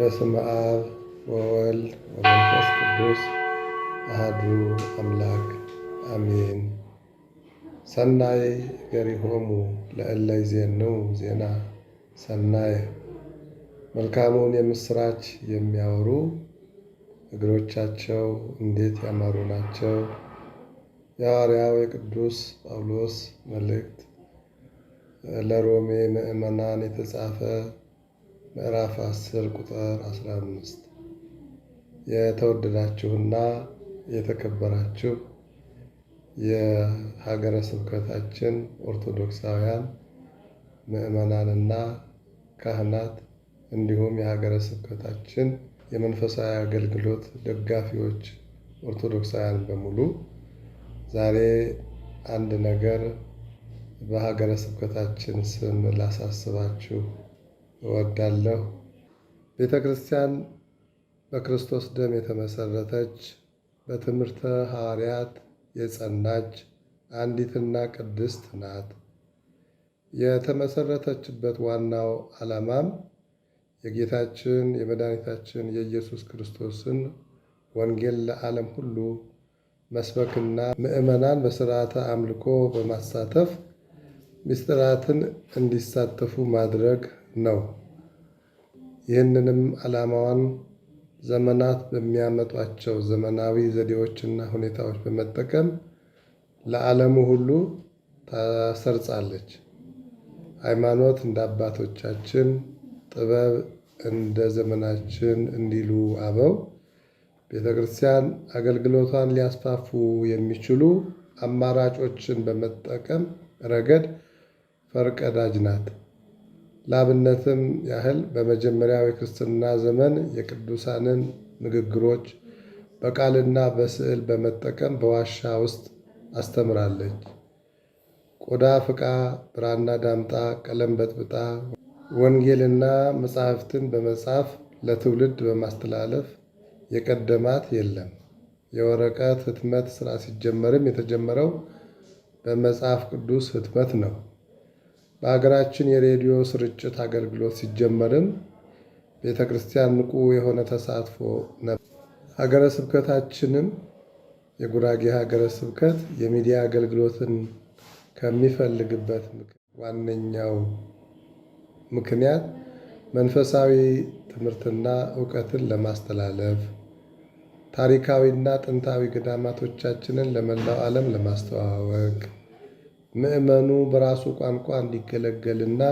በስመ አብ ወወልድ ወመንፈስ ቅዱስ አህዱ አምላክ አሜን። ሰናይ ገሪሆሙ ለእለ ይዜንው ዜና ሰናይ መልካሙን የምስራች የሚያወሩ እግሮቻቸው እንዴት ያማሩ ናቸው። የሐዋርያው የቅዱስ ጳውሎስ መልእክት ለሮሜ ምዕመናን የተጻፈ ምዕራፍ 10 ቁጥር 15 የተወደዳችሁና የተከበራችሁ የሀገረ ስብከታችን ኦርቶዶክሳውያን ምዕመናንና ካህናት እንዲሁም የሀገረ ስብከታችን የመንፈሳዊ አገልግሎት ደጋፊዎች ኦርቶዶክሳውያን በሙሉ ዛሬ አንድ ነገር በሀገረ ስብከታችን ስም ላሳስባችሁ እወዳለሁ። ቤተ ክርስቲያን በክርስቶስ ደም የተመሰረተች በትምህርተ ሐዋርያት የጸናች አንዲትና ቅድስት ናት። የተመሰረተችበት ዋናው ዓላማም የጌታችን የመድኃኒታችን የኢየሱስ ክርስቶስን ወንጌል ለዓለም ሁሉ መስበክና ምዕመናን በስርዓተ አምልኮ በማሳተፍ ምስጢራትን እንዲሳተፉ ማድረግ ነው። ይህንንም ዓላማዋን ዘመናት በሚያመጧቸው ዘመናዊ ዘዴዎችና ሁኔታዎች በመጠቀም ለዓለሙ ሁሉ ታሰርጻለች። ሃይማኖት እንደ አባቶቻችን፣ ጥበብ እንደ ዘመናችን እንዲሉ አበው ቤተ ክርስቲያን አገልግሎቷን ሊያስፋፉ የሚችሉ አማራጮችን በመጠቀም ረገድ ፈርቀዳጅ ናት። ለአብነትም ያህል በመጀመሪያው የክርስትና ዘመን የቅዱሳንን ንግግሮች በቃልና በስዕል በመጠቀም በዋሻ ውስጥ አስተምራለች። ቆዳ ፍቃ፣ ብራና ዳምጣ፣ ቀለም በጥብጣ ወንጌልና መጻሕፍትን በመጻፍ ለትውልድ በማስተላለፍ የቀደማት የለም። የወረቀት ህትመት ሥራ ሲጀመርም የተጀመረው በመጽሐፍ ቅዱስ ህትመት ነው። በሀገራችን የሬዲዮ ስርጭት አገልግሎት ሲጀመርም ቤተ ክርስቲያን ንቁ የሆነ ተሳትፎ ነበር። ሀገረ ስብከታችንም የጉራጌ ሀገረ ስብከት የሚዲያ አገልግሎትን ከሚፈልግበት ዋነኛው ምክንያት መንፈሳዊ ትምህርትና እውቀትን ለማስተላለፍ ታሪካዊና ጥንታዊ ገዳማቶቻችንን ለመላው ዓለም ለማስተዋወቅ ምዕመኑ በራሱ ቋንቋ እንዲገለገልና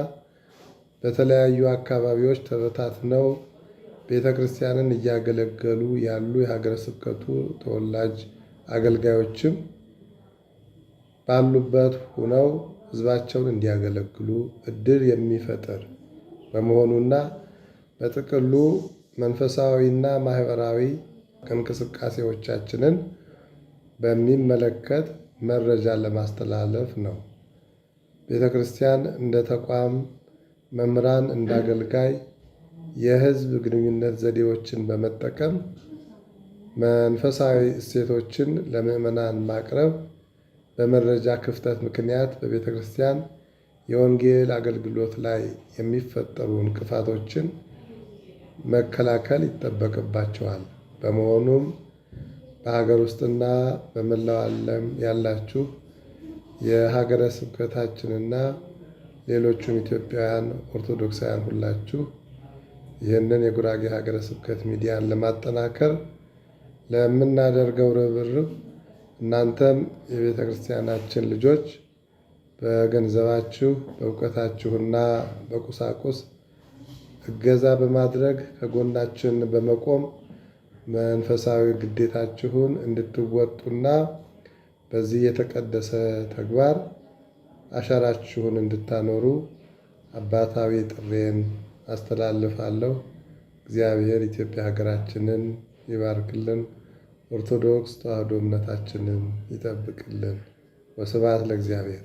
በተለያዩ አካባቢዎች ተበታትነው ቤተ ክርስቲያንን እያገለገሉ ያሉ የሀገረ ስብከቱ ተወላጅ አገልጋዮችም ባሉበት ሆነው ሕዝባቸውን እንዲያገለግሉ እድል የሚፈጥር በመሆኑና በጥቅሉ መንፈሳዊና ማህበራዊ እንቅስቃሴዎቻችንን በሚመለከት መረጃ ለማስተላለፍ ነው። ቤተ ክርስቲያን እንደ ተቋም፣ መምህራን እንደ አገልጋይ የህዝብ ግንኙነት ዘዴዎችን በመጠቀም መንፈሳዊ እሴቶችን ለምዕመናን ማቅረብ በመረጃ ክፍተት ምክንያት በቤተ ክርስቲያን የወንጌል አገልግሎት ላይ የሚፈጠሩ እንቅፋቶችን መከላከል ይጠበቅባቸዋል። በመሆኑም በሀገር ውስጥና በመላው ዓለም ያላችሁ የሀገረ ስብከታችንና ሌሎቹም ኢትዮጵያውያን ኦርቶዶክሳውያን ሁላችሁ ይህንን የጉራጌ ሀገረ ስብከት ሚዲያን ለማጠናከር ለምናደርገው ርብርብ እናንተም የቤተ ክርስቲያናችን ልጆች በገንዘባችሁ በእውቀታችሁና በቁሳቁስ እገዛ በማድረግ ከጎናችን በመቆም መንፈሳዊ ግዴታችሁን እንድትወጡና በዚህ የተቀደሰ ተግባር አሻራችሁን እንድታኖሩ አባታዊ ጥሬን አስተላልፋለሁ። እግዚአብሔር ኢትዮጵያ ሀገራችንን ይባርክልን፣ ኦርቶዶክስ ተዋህዶ እምነታችንን ይጠብቅልን። ወስብሐት ለእግዚአብሔር።